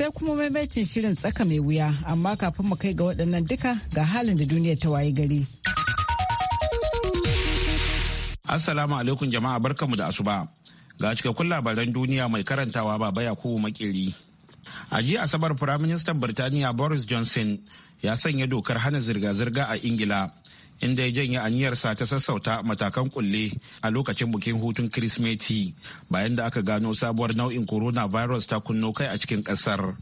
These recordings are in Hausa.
sai kuma maimacin shirin tsaka mai wuya amma kafin mu kai ga waɗannan duka ga halin da duniya ta waye gari. Assalamu alaikum jama'a barkamu da asuba. Ga cikakkun labaran duniya mai karantawa baba Yakubu Makeri. A jiya Asabar Firaministan Birtaniya Boris Johnson ya sanya dokar hana zirga-zirga a Ingila inda ya janye aniyarsa ta sassauta matakan kulle a lokacin bukin hutun kirismeti bayan da aka gano sabuwar nau'in coronavirus ta kunno kai a cikin kasar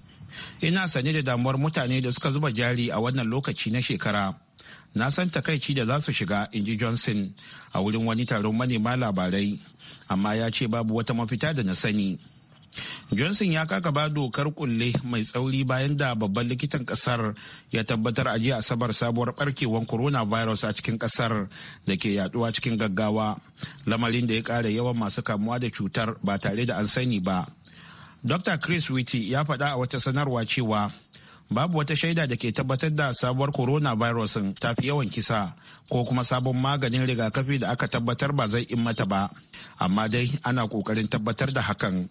ina sanye da damuwar mutane da suka zuba jari a wannan lokaci na shekara na san takaici da za su shiga in ji johnson a wurin wani taron manema labarai amma ya ce babu wata mafita da na sani johnson ya kaka ba dokar kulle mai tsauri bayan da babban likitan kasar ya tabbatar a jiya asabar sabuwar barkewar coronavirus a cikin kasar da ke yaduwa cikin gaggawa lamarin da ya kara yawan masu kamuwa da cutar ba tare da an sani ba dr chris witty ya faɗa a wata sanarwa cewa babu wata shaida da ke tabbatar da sabuwar coronavirus ta fi yawan kisa ko kuma sabon maganin rigakafi da aka tabbatar ba zai in mata ba amma dai ana kokarin tabbatar da hakan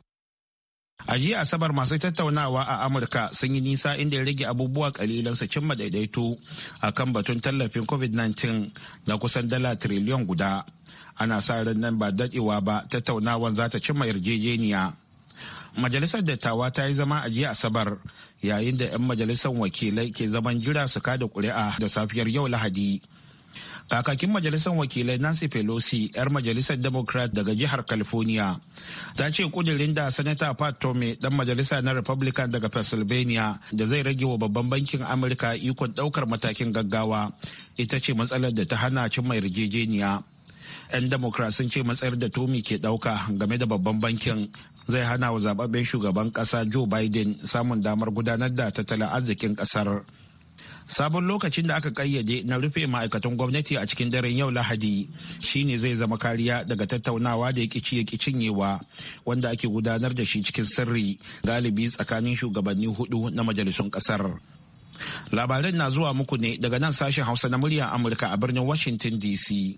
A jiya Asabar masu tattaunawa a Amurka sun yi nisa inda ya rage abubuwa kalilan su cimma daidaito a kan batun tallafin COVID-19 na kusan dala triliyon guda. Ana sa ran nan ba daɗewa ba tattaunawan za ta cimma yarjejeniya. Majalisar dattawa ta yi zama a jiya Asabar yayin da 'yan majalisar wakilai ke zaman jira su kada ƙuri'a da safiyar yau Lahadi. kakakin majalisar wakilai nancy pelosi 'yar majalisar democrat daga jihar california ta ce kudirin da sanata pat tome dan majalisa na republican daga pennsylvania da zai rage wa babban bankin amurka ikon daukar matakin gaggawa ita ce matsalar da ta hana cin mai yarjejeniya 'yan democrat sun ce matsayar da tomi ke dauka game da babban bankin zai hana wa zababben shugaban kasa joe biden samun damar gudanar da tattalin arzikin kasar sabon lokacin da aka kayyade na rufe ma'aikatan gwamnati a cikin daren yau lahadi shine zai zama kariya daga tattaunawa da ya kici ya cinyewa wanda ake gudanar da shi cikin sirri galibi tsakanin shugabanni hudu na majalisun kasar labaran na zuwa muku ne daga nan sashen hausa na murya amurka a birnin washington dc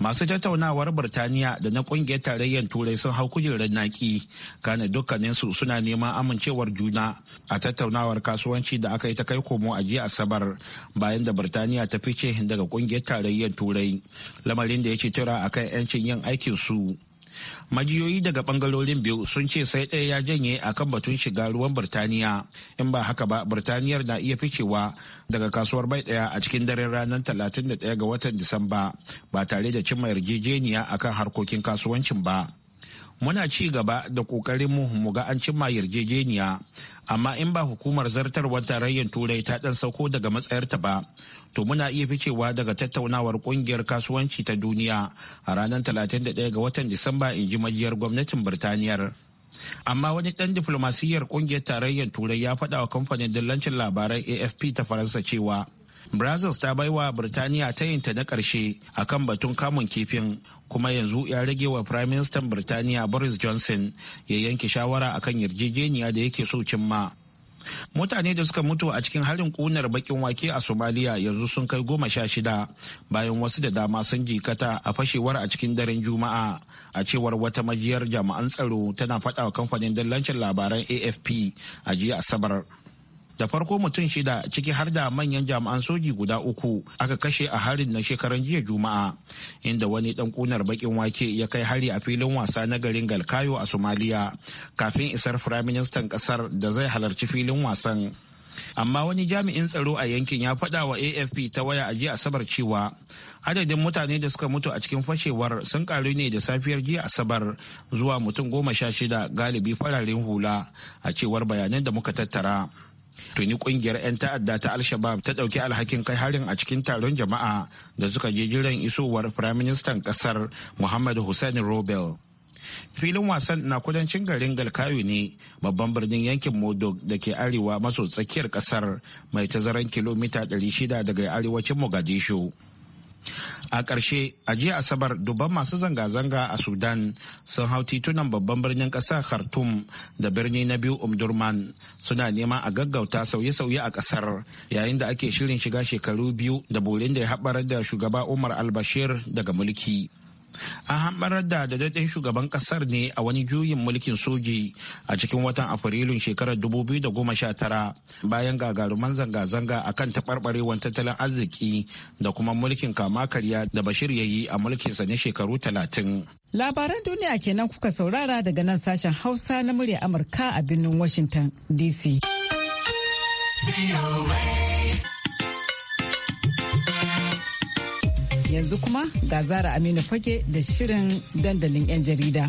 masu tattaunawar birtaniya da na kungiyar tarayyar turai sun hau kujerar naki kana dukkaninsu suna neman amincewar juna a tattaunawar kasuwanci da aka yi ta kai komo a jiya asabar bayan da birtaniya ta fice daga kungiyar tarayyar turai lamarin da ya ce tura akan 'yancin yin aikin su majiyoyi daga bangarorin biyu sun ce sai ɗaya ya janye a kan batun shiga ruwan birtaniya in ba haka ba birtaniyar na iya ficewa daga kasuwar bai ɗaya a cikin daren ranar 31 ga watan disamba ba tare da cimma yarjejeniya a kan harkokin kasuwancin ba muna ci gaba da kokarin mu mu ga an cimma yarjejeniya amma in ba hukumar zartarwar tarayyar turai ta dan sauko daga matsayarta ba to muna iya ficewa daga tattaunawar kungiyar kasuwanci ta duniya a ranar 31 ga watan Disamba in ji majiyar gwamnatin Birtaniyar. Amma wani ɗan diflomasiyyar kungiyar tarayyar Turai ya faɗa wa kamfanin dillancin labaran AFP ta Faransa cewa Brazils ta baiwa Birtaniya ta yinta na ƙarshe akan batun kamun kifin kuma yanzu ya rage wa Prime Minister Birtaniya Boris Johnson ya yanke shawara akan yarjejeniya da yake so cimma. mutane da suka mutu a cikin harin kunar bakin wake a somaliya yanzu sun kai goma sha shida bayan wasu da dama sun jikata a fashewar a cikin daren juma'a a cewar wata majiyar jami'an tsaro tana faɗa wa kamfanin dallancin labaran afp a jiya asabar da farko mutum shida ciki har da manyan jami'an soji guda uku aka kashe a harin na shekaran jiya juma'a inda wani dan kunar bakin wake ya kai hari a filin wasa na garin galkayo a somaliya kafin isar firaministan kasar da zai halarci filin wasan amma wani jami'in tsaro a yankin ya faɗa wa afp ta waya a jiya asabar cewa adadin mutane da suka mutu a cikin fashewar sun karu ne da safiyar jiya asabar zuwa mutum goma sha shida galibi fararen hula a cewar bayanan da muka tattara tuni kungiyar 'yan ta'adda ta alshabab ta dauki alhakin kai harin a cikin taron jama'a da suka je jiran isowar firaministan kasar Muhammadu hussein robel filin wasan na kudancin garin galkayo ne babban birnin yankin modog da ke arewa maso tsakiyar kasar mai tazaran kilomita 600 daga arewacin mogadishu a ƙarshe a jiya asabar dubban masu zanga-zanga a sudan sun hau titunan babban birnin ƙasa khartum da birni na biyu umdurman suna neman a gaggauta sauye-sauye a ƙasar yayin da ake shirin shiga shekaru biyu da bolin da ya haɓar da shugaba umar albashir daga mulki an hambarar da dadaden shugaban ƙasar ne a wani juyin mulkin soji a cikin watan afrilun shekarar 2019 bayan gagaruman zanga-zanga a kan taɓarɓarewar tattalin arziki da kuma mulkin kama karya da bashir ya yi a mulkinsa na shekaru 30 labaran duniya kenan kuka saurara daga nan sashen hausa na murya amurka a birnin washington dc Yanzu kuma ga Zara Aminu Fage da shirin dandalin 'yan jarida.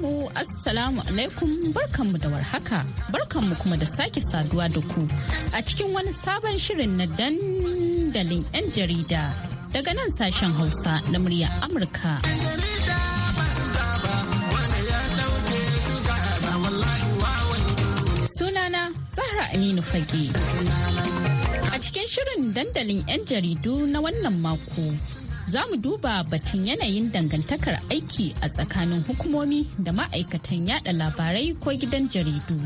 mu assalamu alaikum barkanmu da warhaka barkanmu kuma da sake saduwa da ku a cikin wani sabon shirin na dandalin 'yan jarida daga nan sashen Hausa na murya Amurka. Sunana Zahra Aminu Fage. A cikin shirin dandalin 'yan jaridu na wannan mako. za mu duba batun yanayin dangantakar aiki a tsakanin hukumomi da ma'aikatan yada labarai ko gidan jaridu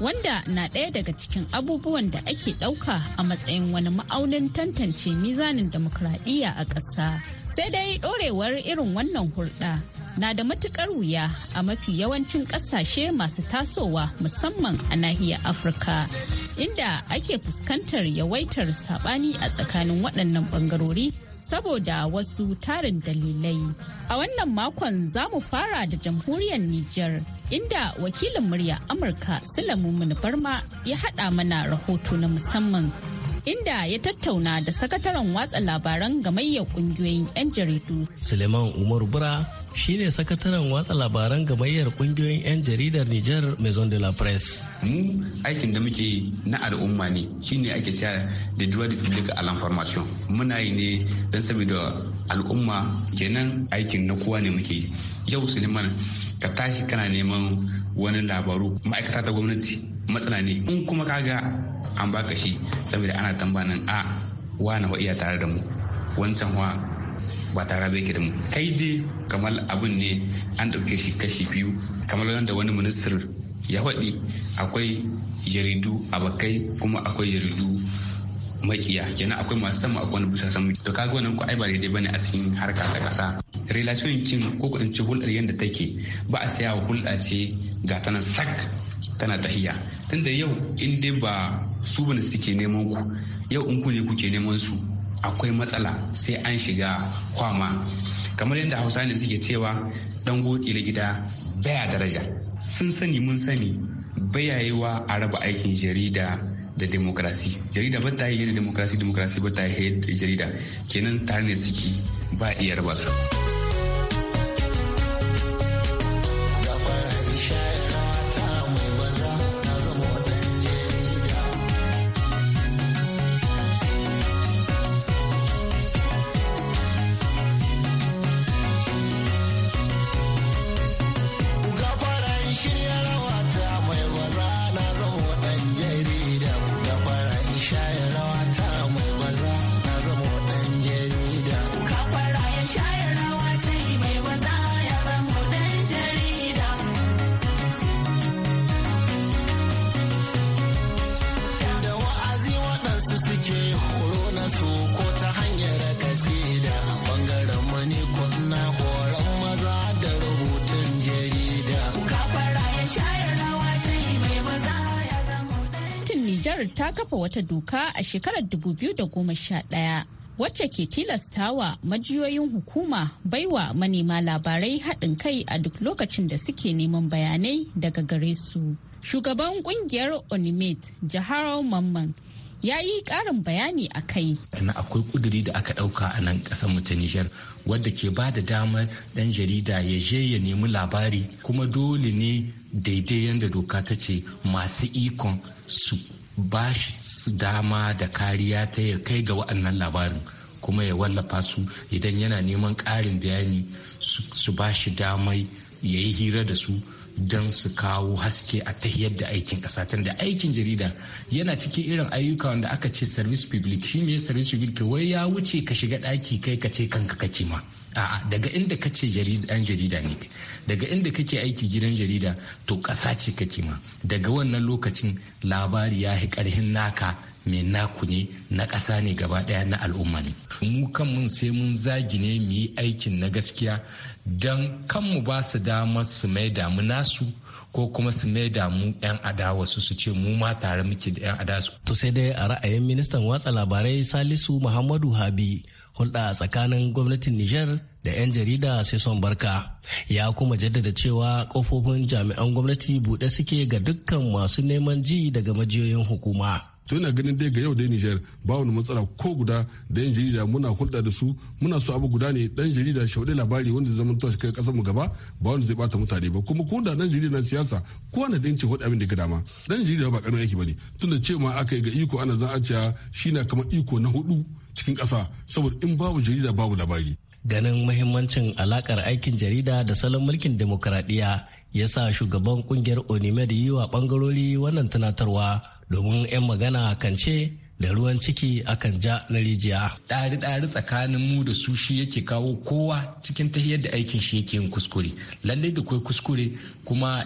wanda na ɗaya daga cikin abubuwan da ake ɗauka a matsayin wani ma'aunin tantance mizanin demokradiyya a ƙasa. Sai dai ɗorewar irin wannan hulɗa na da matuƙar wuya a mafi yawancin ƙasashe masu tasowa musamman a nahiyar Afirka, inda ake fuskantar yawaitar saɓani a tsakanin waɗannan ɓangarori saboda wasu tarin dalilai. A wannan makon za mu fara da jamhuriyar Nijar. inda wakilin murya Amurka silamun Barma ya haɗa mana rahoto na musamman inda ya tattauna da sakataren watsa labaran gamayyar kungiyoyin 'yan jaridu. Suleiman Umar Bura ne sakataren watsa labaran gamayyar kungiyoyin 'yan jaridar Nijar Maison de la Presse. Mu aikin da muke na al'umma ne shine ake ta da duwa da public a l'information. Muna yi ne don saboda al'umma kenan aikin na kowa ne muke. Yau Suleiman ka tashi kana neman wani labaru ma'aikata ta gwamnati matsala ne in kuma kaga an baka shi saboda ana tambanin a wani iya tare da mu wancan wa ba tare da yake da mu kai dai kamar abin ne an ɗauke shi kashi biyu kamar wanda wani ministir ya faɗi akwai jaridu a bakai kuma akwai jaridu makiya kenan akwai masu sama akwai wani bisa samu to kaga wannan ko ai ba daidai bane a cikin harka ta kasa relation kin ko ko in ci hulɗar yadda take ba a saya hulɗa ce ga tana sak tana tahiya tunda yau in dai ba su bane suke neman ku yau in ku ne kuke neman su akwai matsala sai an shiga kwama kamar yadda hausa ne suke cewa dan na gida baya daraja sun sani mun sani bayayewa a raba aikin jarida da demokrasi jarida ba ta yi da demokrasi demokrasi ba ta yi da jarida kenan tare ne suke ba iya raba Qatar ta kafa wata doka a shekarar 2011 wacce ke tilastawa majiyoyin hukuma baiwa manema labarai haɗin kai a duk lokacin da suke neman bayanai daga gare su. Shugaban kungiyar Onimate, jihar Mamman, ya yi ƙarin bayani a kai. Sannan akwai ƙuduri da aka ɗauka a nan ƙasar mu ta Nijar wadda ke ba da damar ɗan jarida ya je ya nemi labari kuma dole ne daidai yadda doka ta ce masu ikon su ba shi dama da kariya ta ya kai ga wa'annan labarin kuma ya wallafa su idan yana neman ƙarin bayani su ba shi damai ya yi hira da su don su kawo haske a ta da aikin ƙasa tun da aikin jarida yana cikin irin ayyuka wanda aka ce service public shi ne service public wai ya wuce ka shiga ɗaki kai ka ce kanka ka ma a'a daga inda ka ce ɗan jarida ne daga inda kake aiki gidan jarida to ƙasa ce kake ma daga wannan lokacin labari ya karhin naka mai naku ne na ƙasa ne gaba ɗaya na al'umma ne mu kanmu sai mun zagi ne mu yi aikin na gaskiya don kanmu ba su dama su mai damu nasu ko kuma su mai damu 'yan adawa su su ce mu ma tare muke da 'yan adawa to sai dai a ra'ayin ministan watsa labarai salisu muhammadu habi hulɗa tsakanin gwamnatin Nijar da 'yan jarida sai son barka. Ya kuma jaddada cewa kofofin jami'an gwamnati buɗe suke ga dukkan masu neman ji daga majiyoyin hukuma. to ina ganin dai ga yau dai Nijar ba wani matsala ko guda da yan jarida muna hulɗa da su muna so abu guda ne dan jarida shaude labari wanda zama kai kasar mu gaba ba wanda zai bata mutane ba kuma ko da dan jarida na siyasa ko wani dan ce hudu abin da ga dama dan jarida ba karamin aiki bane tunda ce ma aka yi ga iko ana zan a shi na kamar iko na hudu cikin ƙasa saboda in babu jarida babu labari ganin mahimmancin alakar aikin jarida da salon mulkin demokaradiyya ya sa shugaban kungiyar onimed yi wa bangarori wannan tunatarwa domin 'yan magana kan ce da ruwan ciki akan ja na rijiya. Ɗari-ɗari tsakanin mu da su shi yake kawo kowa cikin ta da aikin shi yake yin kuskure. Lallai da kai kuskure kuma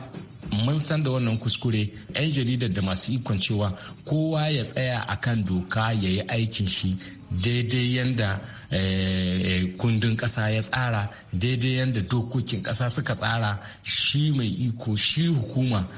mun san da wannan kuskure 'yan jaridar da masu ikon cewa kowa ya tsaya akan doka ya yi aikin shi daidai yadda eh, kundin ƙasa ya tsara daidai yanda dokokin ƙasa suka tsara shi mai iko shi hukuma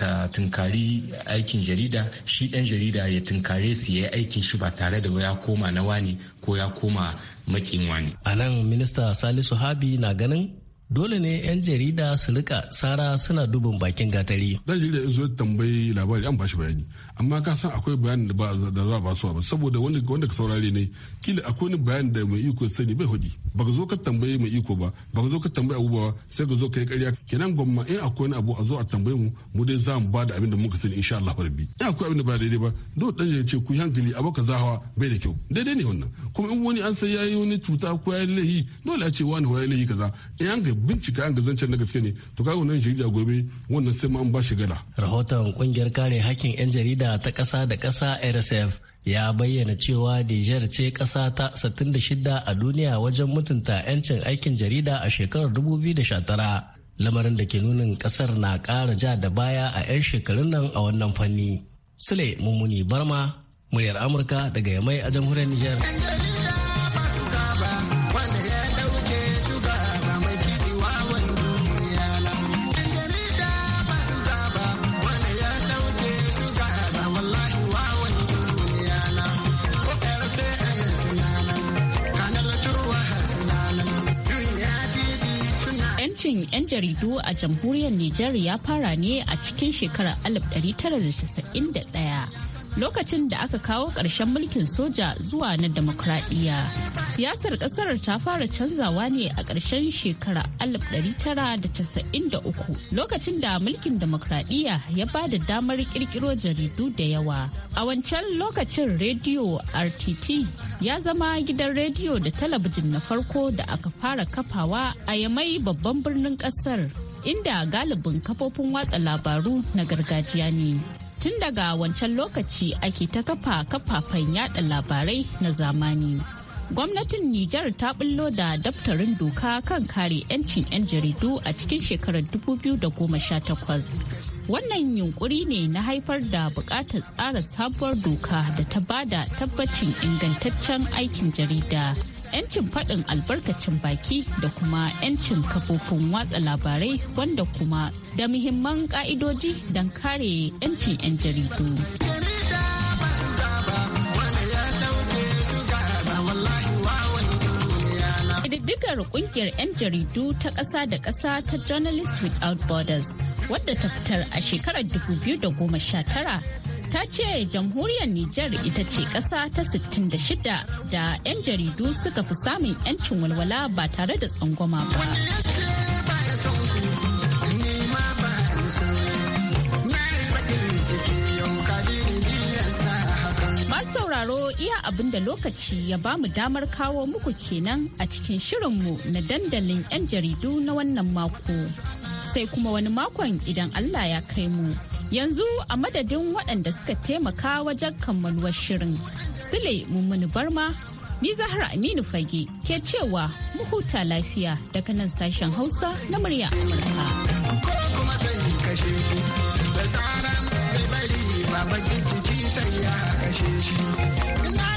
ta tunkari aikin jarida shi ɗan jarida ya tunkare su ya yi aikin shi ba tare da ya koma na wani ko ya koma makin wani. A nan minista Salisu Habi na ganin dole ne 'yan jarida su rika tsara suna dubin bakin gatari. Dan jarida ya zo tambayi labari an bashi bayani amma ka san akwai bayanin da za a su ba saboda wanda wanda ka saurare ne kila akwai wani bayanin da mai iko sani bai hudi ba ka zo ka tambaye mai iko ba ba ka zo ka tambaye abubuwa sai ka zo ka yi ƙarya kenan gwamma in akwai wani abu a zo a tambaye mu mu dai za mu ba da abin da muka sani insha Allah rabbi in akwai abin da ba daidai ba dole dan ya ce ku hankali abu ka zahawa bai da kyau daidai ne wannan kuma in wani an sai yayi wani cuta ko yayi lahi dole a ce wani waye lahi kaza in an ga bincika an ga zancen na gaske ne to kaga wannan shirya gobe wannan sai ma an ba shi gala rahoton kungiyar kare hakkin yan jarida ta ƙasa da ƙasa rsf ya bayyana cewa Nijar ce ƙasa ta 66 a duniya wajen mutunta 'yancin aikin jarida a shekarar 2019 lamarin da ke nunin ƙasar na ƙara ja da baya a 'yan shekarun nan a wannan fanni. Sule Mummuni Barma, muryar Amurka daga Yamai a jamhuriyar Nijar. aikin 'yan jaridu a jamhuriyar Nijar ya fara ne a cikin shekarar 1991 lokacin da aka kawo ƙarshen mulkin soja zuwa na demokradiyya. Siyasar ƙasar ta fara canzawa ne a ƙarshen shekara 1993 lokacin da mulkin demokradiyya ya ba da damar ƙirƙiro jaridu da yawa. A wancan lokacin rediyo RTT ya zama gidan rediyo da talabijin na farko da aka fara kafawa a yamai babban birnin ƙasar. inda galibin kafofin watsa labaru na gargajiya ne. tun daga wancan lokaci ake ta kafa kafafen yada labarai na zamani gwamnatin Nijar ta bullo da daftarin doka kan kare 'yancin 'yan jaridu a cikin shekarar 2018 wannan yunkuri ne na haifar da bukatar tsara sabuwar doka da ta bada tabbacin ingantaccen aikin jarida 'yancin faɗin albarkacin baki da kuma 'yancin kafofin watsa labarai wanda kuma da muhimman ƙa'idoji don kare 'yancin 'yan jaridu. Ƙididdigar ƙungiyar 'yan jaridu ta ƙasa da ƙasa ta Journalists Without Borders wadda ta fitar a shekarar 2019 ta ce jamhuriyar Nijar ita ce kasa ta 66 da 'yan jaridu suka fi samun 'yancin walwala ba tare da tsangwama ba. sauraro iya abin da lokaci ya ba mu damar kawo muku kenan a cikin shirinmu na dandalin 'yan jaridu na wannan mako sai kuma wani makon idan Allah ya kai mu. Yanzu a madadin waɗanda suka taimaka wajen kammaluwar shirin. Sule Mummuni Barma, ni Zahra Aminu Fage ke cewa mu huta lafiya daga nan sashen Hausa na murya Amurka. Da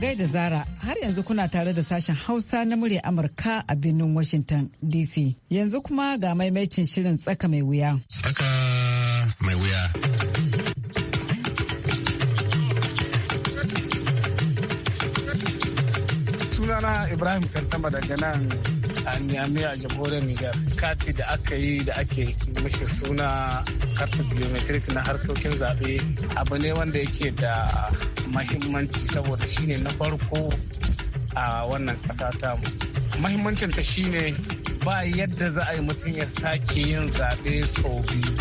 gai da zara har yanzu kuna tare da sashen hausa na murya amurka a birnin washington dc yanzu kuma ga maimaicin shirin tsaka mai wuya tsaka mai wuya sunana ibrahim kartama daga nan a a jamhuriyar niger Kati da aka yi da ake mashi suna karta biometric na harkokin zaɓe abu ne wanda yake da mahimmanci saboda shine na farko a wannan ƙasa ta mu. Mahimmancin ta shine ba yadda za a yi mutum ya sake yin zaɓe sau biyu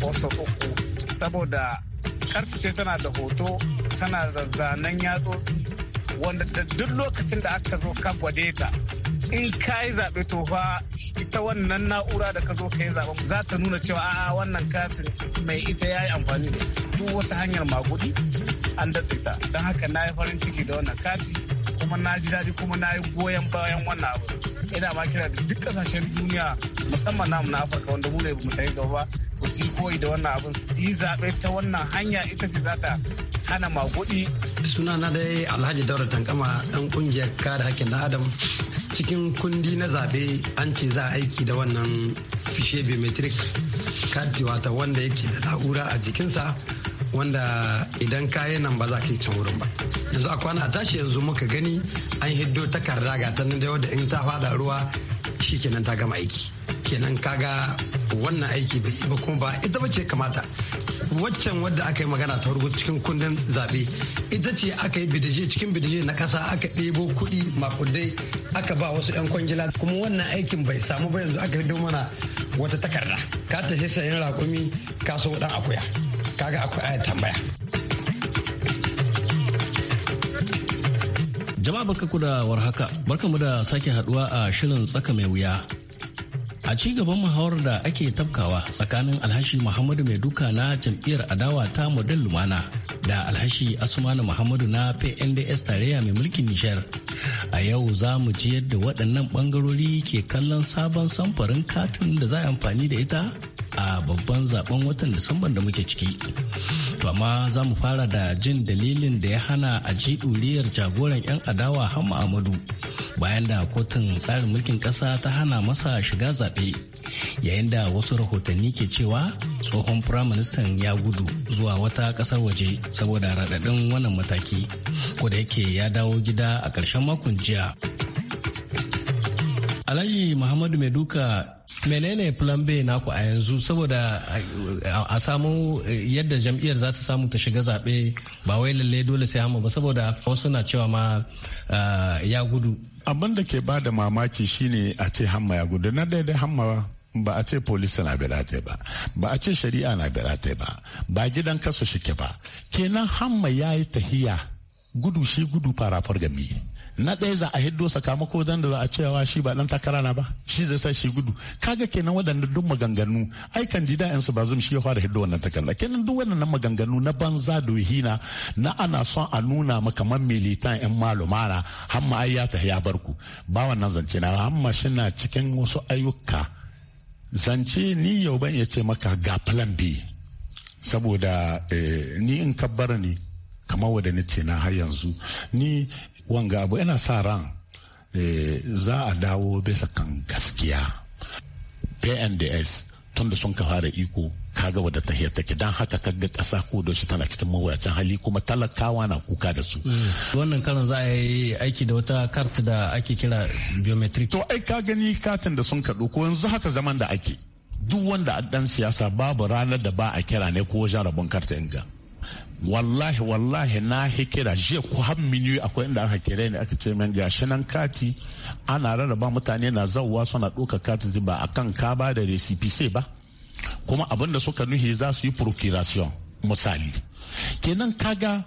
ko sau uku saboda karta ce tana da hoto tana zanen yatsotsi wanda duk lokacin da aka zo ka gwade ta in ka yi zaɓe to fa ita wannan na'ura da ka zo ka yi zaɓen za ta nuna cewa a'a wannan katin mai ita ya yi amfani da duk wata hanyar maguɗi an datse ta don haka na yi farin ciki da wannan katin. kuma na ji daɗi kuma na yi goyon bayan wannan abu ina ma kira da duk kasashen duniya musamman namu na afirka wanda mu ne mu tafi gaba ba su yi koyi da wannan abin su yi zaɓe ta wannan hanya ita ce za ta hana magudi suna na dai alhaji daura tankama dan kungiyar kare hakkin dan adam cikin kundi na zaɓe an ce za a aiki da wannan fishe biometric card wata wanda yake da na'ura a jikinsa wanda idan kayan nan ba za ka yi can wurin ba yanzu a kwana tashi yanzu muka gani an hiddo takarda ga ta nan da wadda in ta fada ruwa shi kenan ta gama aiki kenan kaga wannan aiki ba kuma ba ita ba ce kamata waccan wadda aka yi magana ta rubuta cikin kundin zaɓe ita ce aka yi bidije cikin bidije na kasa aka ɗebo kuɗi makudai aka ba wasu 'yan kwangila kuma wannan aikin bai samu ba yanzu aka yi mana wata takarda ka tafi sayan rakumi ka so ɗan akuya kaga akwai ayar tambaya jama'a barkaku da warhaka mu da sake haduwa a shirin tsaka mai wuya a ci gaban muhawar da ake tafkawa tsakanin alhashi muhammadu mai duka na jam'iyyar adawa ta model lumana da alhashi asumani muhammadu na pnds tarayya mai mulkin nishar a yau za mu ji yadda waɗannan ɓangarori ke kallon sabon samfarin katin da za a amfani da ita a babban zaben watan disamban da muke ciki to amma za mu fara da jin dalilin da ya hana a ji ɗuriyar jagoran 'yan adawa hamma amadu bayan da kotun tsarin mulkin ƙasa ta hana masa shiga zaɓe yayin da wasu rahotanni ke cewa tsohon firaministan ya gudu zuwa wata ƙasar waje saboda raɗaɗin wannan mataki ko da yake ya dawo gida a ƙarshen makon jiya alhaji muhammadu mai duka menene plan b naku a yanzu saboda a samu eh, yadda jam'iyyar za ta samu ta shiga zaɓe ba wai lalle dole sai hama ba saboda wasu na cewa ma ah, ya gudu abin da ke ba da mamaki shine a ce hamma ya gudu na daidai hamma ba a ce polisi na belate ba ba a ce shari'a na belate ba ba gidan kasu shike ba kenan hamma ya yi tahiya gudu shi gudu farafar gami na ɗaya za a hiddo sakamako dan da za a cewa shi ba ɗan takara na ba shi zai sa shi gudu kaga kenan waɗanda duk maganganu ai kandida yan su ba zum shi ya fara hiddo wannan takarda kenan duk waɗannan maganganu na banza da hina na ana son a nuna maka man militan yan malumana hamma ai ya ta ya barku ba wannan zance na hamma shi na cikin wasu ayyuka zance ni yau ban ya ce maka ga plan B saboda eh, ni in kabbara ne kamar wadda na ce na har yanzu ni wanga abu yana sa ran eh, za a dawo bisa kan gaskiya pnds tun da sun ka fara iko kaga wadda ta take don haka kaga kasa ko da shi tana cikin mawuyacin hali kuma talakawa na kuka da su. Mm. wannan karin za a yi aiki da wata kart da ake kira biometric. to ai ka gani katin da sun kaɗo ko yanzu haka zaman da ake duk wanda a dan siyasa babu ranar da ba a kira ne ko wajen rabon karta inga. wallahi wallahi na hikira jiya ko har miniyu akwai inda aka kira ne aka ce men gashi nan kati ana rarraba mutane na zawwa suna ɗauka kati ba akan ka ba da recipe ba kuma abinda suka nuhi za su yi procuration misali kenan kaga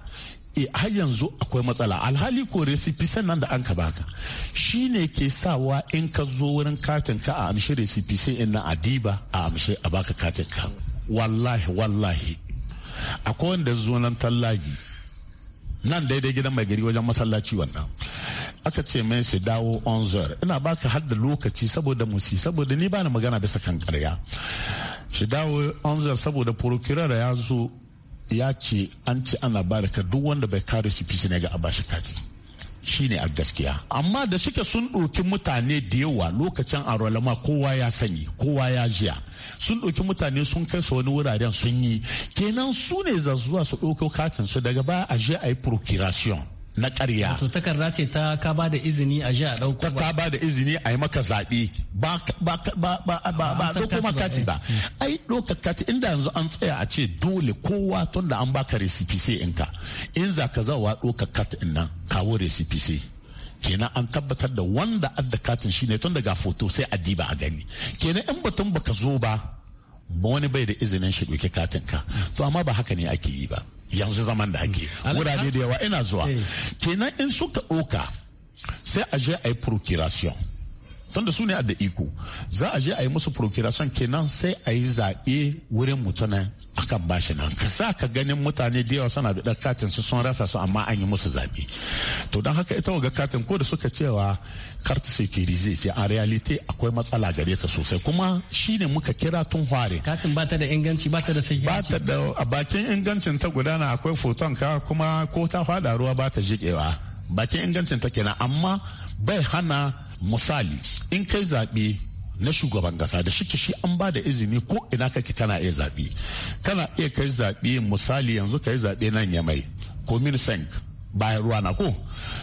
e eh, har yanzu akwai matsala alhali ko recipe nan da an ka baka shine ke sawa in ka zo wurin katin ka a amshi recipe sai in na adiba a amshi a baka katin ka wallahi wallahi akwai wanda zo nan tallagi nan daidai gidan mai gari wajen masallaci wannan aka ce mai su dawo onzor ina baka har da lokaci saboda musi saboda ni bani magana bisa kan karya shi dawo onzer saboda procurer ya zo ya ce an ce ana baraka duk wanda bai kare su fi ne ga abashi kati shine a gaskiya amma da suke sun ɗauki mutane da yawa lokacin arolama kowa ya sani kowa ya jiya sun ɗauki mutane sun kai su wani wuraren sun yi kenan su ne za zuwa su ɗauko katin su daga baya a je a yi procuration na ƙarya. Wato takarda ce ta ka ba da izini a je a ɗauko ba. Ta ba da izini a yi maka zaɓe ba ba ba ba ba ɗauko ma kati ba. Hmm. Ai ɗauka kati inda yanzu an tsaya a ce dole kowa tun da an baka recipe sai in ka in za ka zawa ɗauka kati nan kawo recipe sai kenan an tabbatar da wanda adda katin shine tun daga foto sai a diba a gani kenan in batun baka zo ba wani bai da izinin shi ɗauki katin ka to amma ba haka ne ake yi ba yanzu zaman da ake mm. wurare da yawa ina zuwa eh. kenan in suka ɗauka sai a je a yi procuration tunda su ne da iko za a je a yi musu procuration kenan sai a yi zaɓe wurin mutuna akan bashi nan ka sa ka ganin mutane da yawa suna da katin su sun rasa su amma an yi musu zaɓe to don haka ita ga katin ko da suka cewa karta zai ce a realite akwai matsala gare ta sosai kuma shine muka kira tun hware katin ba ta da inganci ba ta da sai ba ta da a bakin ingancin ta gudana akwai foton ka kuma ko ta fada ruwa ba ta jikewa bakin ingancin ta kenan amma bai hana misali in kai zaɓe na shugaban gasa da shi shi an ba da izini ko ina kake kana iya zaɓe kana iya kai zaɓe misali yanzu kai zaɓe nan ya mai komin senk bayan ruwa na ko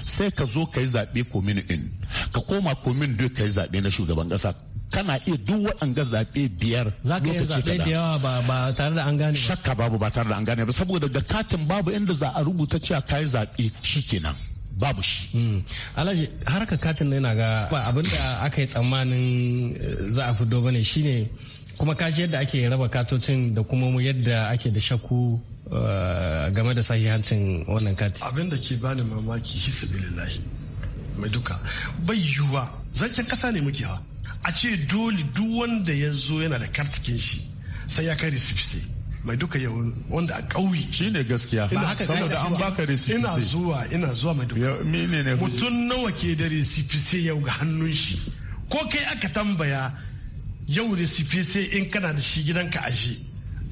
sai ka zo ka yi zaɓe komin in ka koma komin duk ka yi zaɓe na shugaban kasa kana iya duk waɗanga zaɓe biyar za ka iya zaɓe da yawa ba, tare da an gane shakka babu ba tare da an gane ba saboda ga katin babu inda za a rubuta cewa ka yi zaɓe kenan. babu shi. Hmm. Alhaji harkar katin yana ga abin da aka yi tsammanin eh, za a fito bane shine kuma kashi yadda ake raba katocin da kuma yadda ake da shakku eh, game da sahihancin wannan katin. Abin da ke bani mamaki bilillahi mai duka bai yiwuwa zancen kasa ne muke ha a ce dole duk wanda ya zo yana da kartikin shi sai ya kai risifi mai duka yau wanda a ƙauye shi ne gaskiya saboda an baka recipe ina zuwa ina zuwa mai duka mutum nawa ke da recipe sai yau ga hannun shi ko kai aka tambaya yau recipe sai in kana da shi gidanka ashe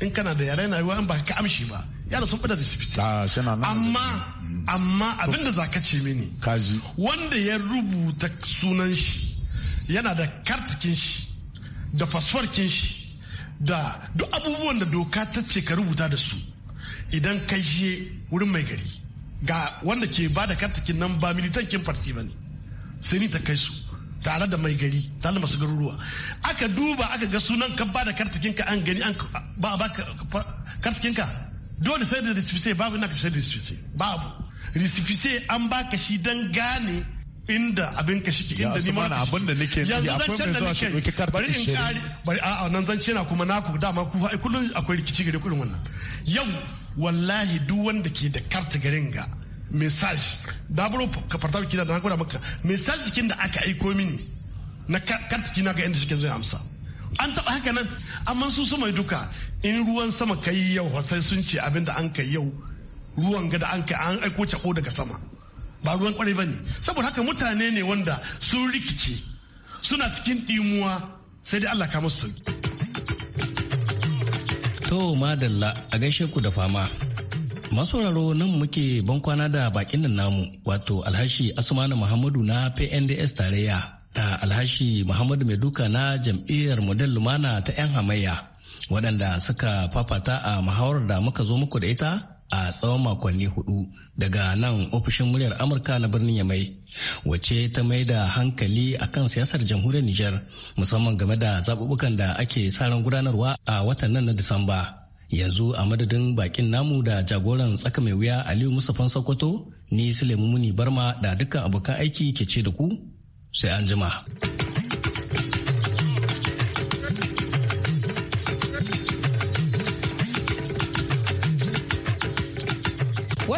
in kana da yare na yiwa an ba ka amshi ba yana sun fada recipe ah, amma mm. amma abin da zaka ce mini wanda ya rubuta sunan shi yana da kartikin shi da fasfarkin shi da duk abubuwan da doka ta ce ka rubuta da su idan ka je wurin mai gari ga wanda ke ba da kartakin nan ba militankin farti ba ne sai ni ta kai su tare da mai gari tare da masu garuruwa aka duba aka ga sunan ka ba da kartakin ka an gani an ba ba kartakin ka dole sai da resifice babu na ka sai da resifice babu resifice an baka shi dan gane inda abin ka shiki inda ni mana abin da nake yanzu zan canza da nake bari in kare bari a'a nan zan ce na kuma naku dama ku fa kullun akwai rikici gare kullun wannan yau wallahi duk wanda ke da karta garin ga message da bro ka farta kina da na gwada maka message kin da aka aiko mini na karta kina ga inda shi zai amsa an taɓa haka nan amma su su mai duka in ruwan sama kai yau sai sun ce abinda an kai yau ruwan ga da an kai an aiko cako daga sama ba ruwan kwarai ba ne saboda haka mutane ne wanda sun rikice suna cikin ɗimuwa sai dai allah ka musu sauki to madalla a gaishe ku da fama masauraro nan muke bankwana da bakin nan namu wato alhashi asmanu muhammadu na pnds tarayya da alhashi muhammadu maiduka na jam'iyyar model lumana ta 'yan hamayya waɗanda suka fafata a muhawarar da muka zo muku da ita a tsawon makonni hudu daga nan ofishin muryar amurka na birnin yamai Wace ta mai da hankali akan siyasar jamhuriyar nijar musamman game da zaɓuɓɓukan da ake ran gudanarwa a watan nan na disamba yanzu a madadin bakin namu da jagoran tsaka mai wuya aliyu musafan sokoto ni sulemu muni barma da dukkan abokan aiki ke ce da ku sai an jima.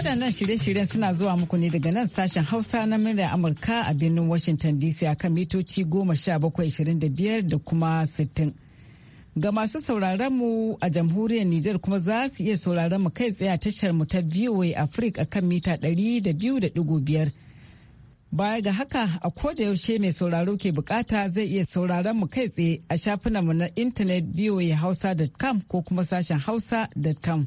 Waɗannan shirye-shiryen suna zuwa muku ne daga nan sashen Hausa na murya Amurka a birnin Washington DC a kan mitoci 1725 da kuma 60. Ga masu sauraron mu a jamhuriyar Nijar kuma za su iya sauraron mu kai tsaye a tashar mu ta VOA Africa a kan mita 200.5. Baya ga haka a koda yaushe mai sauraro ke bukata zai iya sauraron mu kai tsaye a shafinanmu na intanet hausa.com ko kuma sashen hausa.com.